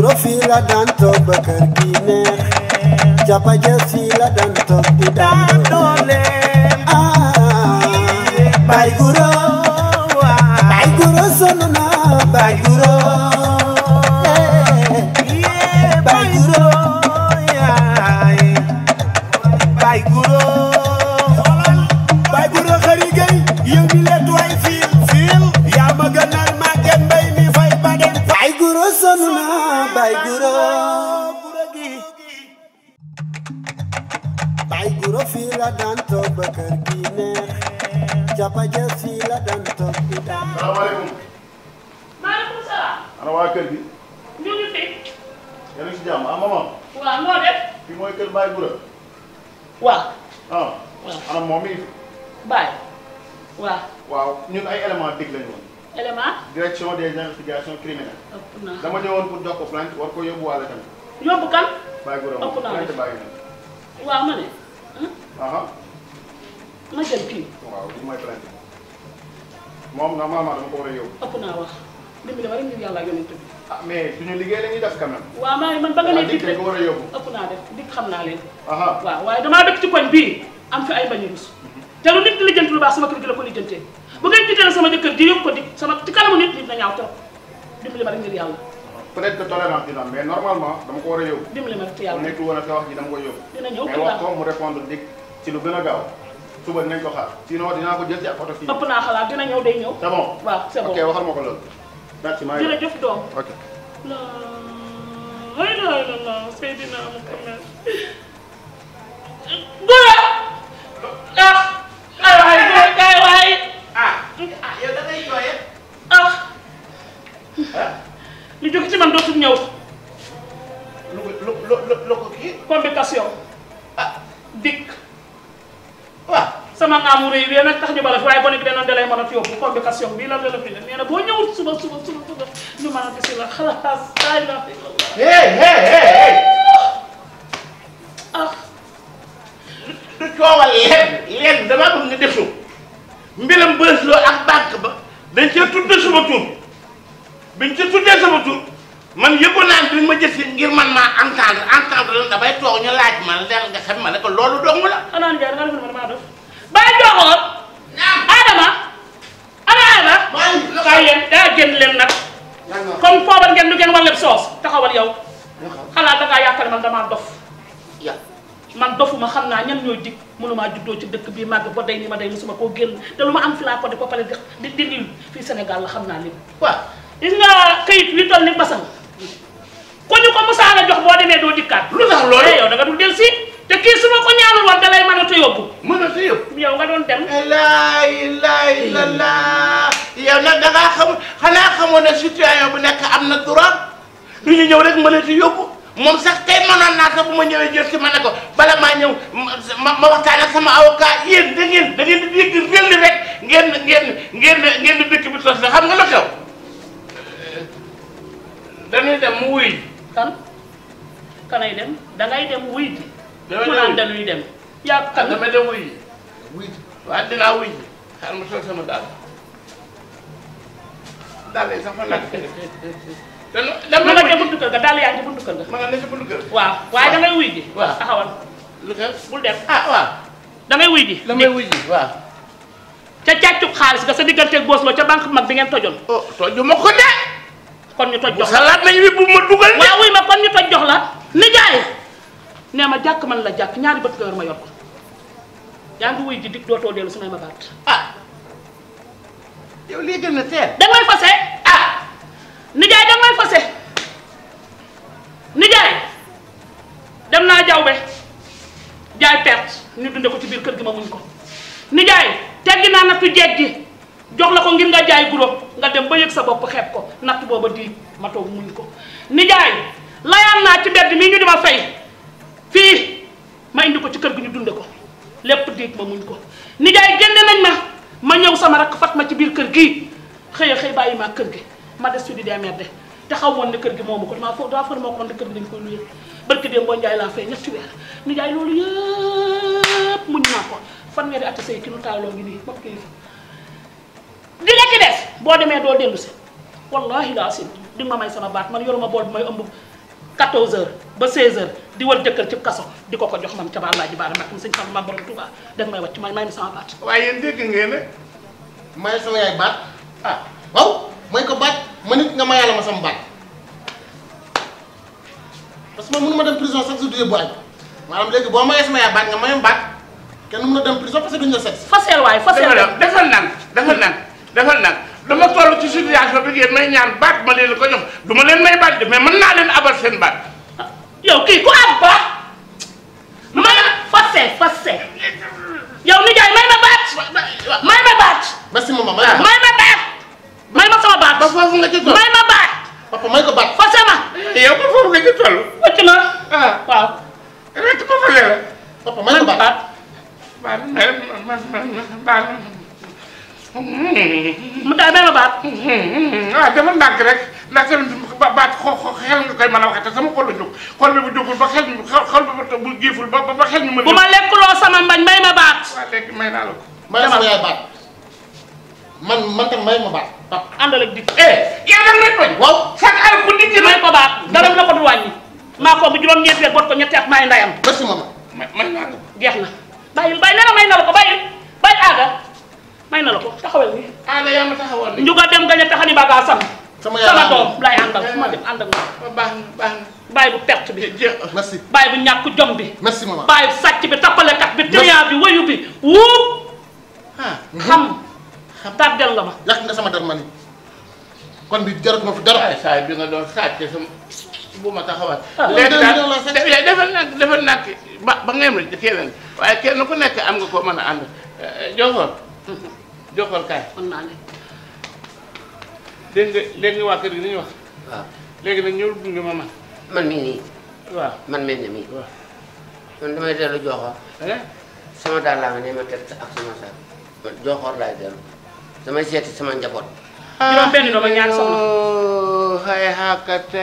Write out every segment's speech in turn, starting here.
Buuro fii la daan toog ba kër gi neex Japa Jees fii la daan toog di daan doole ah Baay Buuro si la doon toog di daan. salaamaaleykum. maaleykum salaam. ana waa kër gi. ñu ngi fi. yéen a ngi si jàmm ah maman. waaw noo def. fii mooy kër Baye Goura. waaw. ah. waaw ana moom mi. Baye. waaw. waaw ñun ay élément dégg lañu woon. élément. direction des investigations criminelles. ëpp naa dama ñëwoon pour jox ko plainte war ko yóbbuwaale tamit. yóbbu kan. Baye Goura moom plainte Baye Goura. waaw ma ne. ah. ma jël kii. waaw lii mooy plainte. moom normalement dama ko war a yow. ëpp naa wax mbir mi dama rek ñu yàlla yonent bi. ah la ñuy def quand même. waaw a yóbbu ëpp naa def dikk xam am fi ay bañu rus. Mhm. na ñaaw am mais normalement dama a wax ji dama koy yóbbu. mais wax ko mu répondre dikk ci lu gën a gaaw suba nañ ko xaar sinon dinaa ko jël ci ak oto fii. ëpp naa xalaat dina ñëw day ñëw. c'est bon waaw c'est bon ok waxal ma ko loolu. naaj ci maa ngi jërëjëf doom ok. laa ay waay ay waay. ah yow da ngay jooye. ah. lu jóg ci man dootul ñëw. ko kii. complication. Ah. dikk. sama ngaamu rëy wee nag tax ñu bala fi waaye bone bi danoon dalay mën a fi yóbbu fi def nee suba suba suba suba ñu mën a gis la xalaas ay la hey hey hey ah du coowal leen leen ak banque ba dañ cee tuddee sama tur biñ ca tuddee sama tur man yëgoon naa bi ma jësi ngir man maa entendre entendre lan damay toog ñu laaj ma leen nga xam ma ne loolu dong la xanaa njaar nga defal ma damaa def xool. Adama. ana Adama. waaye yéen daa génn leen nag. comme foobar ngeen lu ngeen war leen soos taxawal yow. xalaat da ngaa yaakaar man damaa dof. man dofuma xam naa ñan ñooy dig mënumaa juddoo ci dëkk bii màgg ba day ni ma day musuma koo génn te lu ma am fi ko di ko pare di di lii fii Sénégal la xam naa lépp. waaw gis nga kayit li toll ni basang. ko ñu ko musaana jox boo demee doo dikkaat. lu tax loolu eh, yow da nga dul dellusi. te kii su ma ko ñaanal woon da lay mën a yóbbu mën a ta yóbbu nga doon dem laa ilaaha illallaah yow nag da ngaa xam xanaa xamoon ne situation bu nekk am na droit du ñu ñëw rek ma a ta yóbbu moom sax tey mënoon naa sax bu ma ñëwee jël si ma ne bala maa ñëw ma ma waxtaan ak sama avocat yéen da ngeen da ngeen di dégg ngeen di rek ngeen ngeen ngeen ngeen bi tos la xam nga la xew dañuy dem mu wuy kan kanay dem da dem wuy ji mu naan dañuy dem. yaa ah, xam dama dem wuy ji. wuy ji waaw dinaa wuy ji xaar ma sol sama daal sax ma laaj. te lu dama la dem buntu kër ga daal yaa ngi ci ga. ma waaye da ngay wuy ji. waaw taxawal. lu ko bul dem ah wuy ji. da wuy ji waaw. ca càccub xaalis nga sa digganteeg boos loo ca banque mag bi ngeen tojoon. oh toju ma ko de. kon ñu toj jox la bu salaat nañu bu ma dugal. waaw wuy ma kon ñu toj jox la nijaay. nee ma jàkk man la jàkk ñaari bët nga yor ma yor ko yaa ngi wuy ji dig dootoo dellu su may ma baat ah yow fase ah nijaay da fase nijaay dem naa jawbe jaay perte ñu dunde ko ci biir kër gi ma muñ ko nijaay teggi naa nattu jeeg gi jox la ko ngir nga jaay guro nga dem ba yëg sa bopp xeeb ko natt booba diig ma muñ ko nijaay layaan naa ci bedd mii ñu di ma fay fii ma indi ko ci kër gi ñu dunde ko lépp déeg ma muñ ko nijaay génne nañ ma ma ñëw sama rakk fat ma ci biir kër gii xëy a xëy bàyyi ma kër gi ma des su di demerde te xaw woon ne kër gi moomu ko damaa foofu daa far moo ko woon ne kër gi dañ koy luyee barki dee mboo njaay laa fay ñetti weer nijaay loolu ko fanweeri ki nu di nga des boo demee doo dellu si wallahi si sin di nga ma may sama baat man yoruma bool bi may ëmb 14 heures ba 16 heures di wër jëkkër ci kaso di ko ko jox man ca Baalla ji Baara Mbacke sëñ Fallou maam borom Touba danga ma sama baat. waaye yéen dégg ngeen ne may sama yaay baat ah waaw may ko baat ma nit nga mayaala ma sama baat parce que man ma dem prison sax su dee bu añ maanaam léegi boo mayee sama yaay baat nga mayam baat kenn mën na dem prison parce que duñ la sexe. fasel waay fasel waay defal naan defal naan defal naan dama toll ci situation bi ngeen may ñaan baat ma leen ko jox du ma leen may baat mais mën naa leen abal baat. kii ku am ba man fase fase yow nijaay may ma baat may ma baat merci maman may ma baat may ma sama baat ba foofu nga ci toll may ma baat papa may ko baat fase ma yow ba foofu nga ci toll wacc na ah. waaw rek ma fa leer papa may ko baat baat baat mu daal may ma baat waaw ah, dama ndànk rek ndànk ba baat xo xel nga koy mën a waxee te sama xol la jóg xol jógul ba xel xol bi bu géeful ba ba xel ñu mën bu ma lekkuloo sama mbañ may ma baat waaw léegi may naa la ko may sama man man tam may ma baat pap dikk eh yow dam rek bañ waaw chaque al ku dikk may ko baat dara a ko du wàññi maa ko bu juróom ñeenti rek bot ko ñetti at maay ndayam merci maman may naa la ko jeex na bàyyil bàyyi nena may na ko bàyyil bàyyi aada may na ko taxawal ni aada yaa ma taxawal njuga dem gañ a taxani bagaa sam sama doom lay àndal fu ma dem ànd ak ah, moom. baax na baax na. bàyyi bu perte bi. merci bàyyi bu ñàkk jom bi. merci maman bàyyi sàcc bi tappalekat bi. triant bi wayu bi wuub. Ah, mhm. xam. xam tardel nga ma. yàq nga sama der ma ni kon bi jaratuma fi dara. saa bi nga doon sàcc sama bu ma taxawaat. Ah. léegi daal defal naa defal naa ba ba nga yem la keneen waaye kenn ku nekk am nga ko mën a ànd. Jokalante. Eh, eh, Jokalante. mën naa ne. dégg nga dégg nga kër gi li ñuy wax. waaw léegi nag ñëwul gunge ma man. man mii nii. waaw man mel na mii. man damay dellu Joxoor. Eh? sama daal laa nga ne ma teg ak sama man Joxoor laay dellu seeti sama njaboot. juróom benn doom ak ñaari soxna xay xaaka da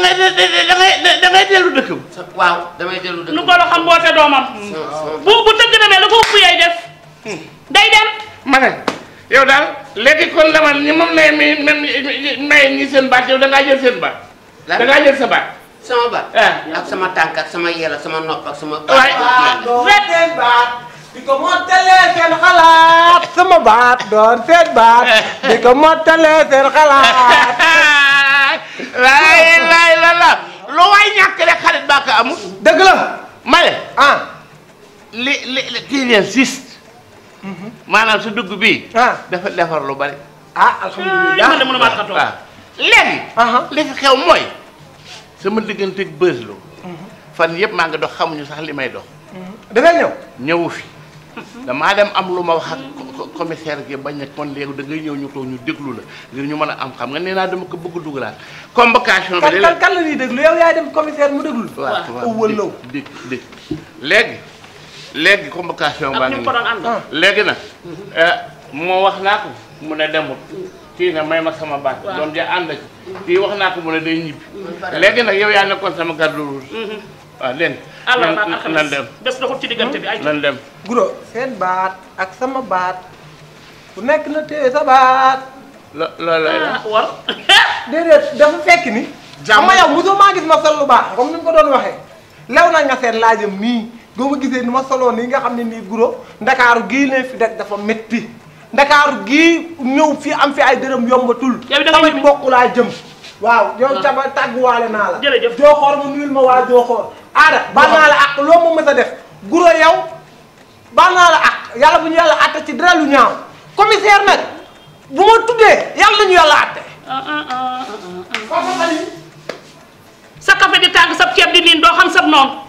ngay da ngay da ngay damay dellu dëkk lu ko la xam mboote doomam bu bu tëgg demee la ko ëpp yay def hmm. day dem ma yow daal léegi kon lamal ñi moom lay mi même maye baat yow da ngaa jël baat. da ngaa jël baat. sama baat. Ah. ak sama tànk sama yel ak sama nopp ak sama. waay doon seen baat. di ko mottalee seen xalaat. sama baat doon seen baat. di ko mottalee seen xalaat. laay laay la la lu waay ñàkk rek xarit baa ko amul. dëgg la. Ah. li li kii leen siis. maanaam sa dugg bii. Ah. dafa defar lu bari. ah alhamdulilah ah, man de mënu maa xatoo ah. léegi. li fi xew mooy. sama diggante bës lu mhm. fan yëpp maa ngi dox xamuñu sax li may dox. Mhm. dangay ñëw. ñëwu fi. damaa dem am lu ma wax ak commissaire gi bañ a kon léegi da ngay ñëw ñu toog ñu déglu la ngir ñu mën a am xam nga nee naa dama ko bëgg a dugalaat. convocation bi de la kan kan la ñuy déglu yow yaay dem commissaire mu déglu. waaw waaw dégg dégg léegi. léegi convocation baa ngi léegi nag eh, moo wax naa ko mu ne demut kii ne may ma sama baat doom ja ànd ci kii wax naa ko mun a day ñibbi léegi nag yow yaa nekkoon sama garde rouge mm-hmm. waaw dégg nga nan dem des bi ay nan dem guro seen baat ak sama baat bu nekk na téye sa baat lo- loolu lay la ah, war déedéet dafa fekk ni jàmm yow mosoo maa gis ma sol lu baax comme ni mu ko doon waxee lew na nga seen laajam nii boo ma gisee ni ma soloon nii nga xam ne nii guro ndakaaru gii leen fi def dafa metti ndakaaru gii ñëw fii am fi ay dërëm yombatul samay mbokk laa jëm waaw yow ah. caba tàgguwaale naa la jooxoor mu nuyul ma waa jooxoor aada baal la ak loo ma mës a def guro yow baal la ak yàlla bu ñu yàlla atte ci dara lu ñaaw commissaire nag bu ma tuddee yàlla ñu yàlla atte ah, ah, papa sa café di tàng sab ceeb di niin doo xam sab noonu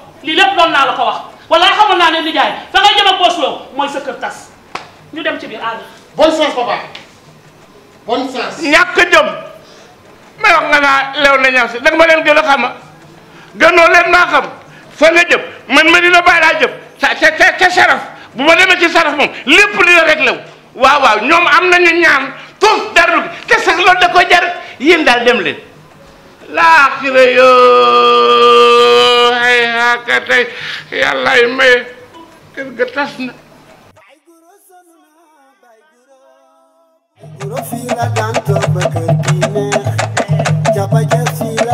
lii lépp doon naa la ko wax a xamoon naa ne nijaay fa ngay jëm ak boos sa tas ñu dem ci biir àll. bonne chance papa bonne ñàkk jëm may wax nga naa lew na ñaaw si danga ma leen gën a xama gënoo leen maa xam fa jëm man ma dina bàyyi laa jëm te te te saraf bu ma demee ci saraf moom lépp dina rek lew waaw waaw ñoom am nañu ñaan tuuf dara te sax loolu da ko jar yéen daal dem leen laaxira yoo yaakaar tey yàllaay maye kër ga tas na guro fii la daan toog ba kër gi neex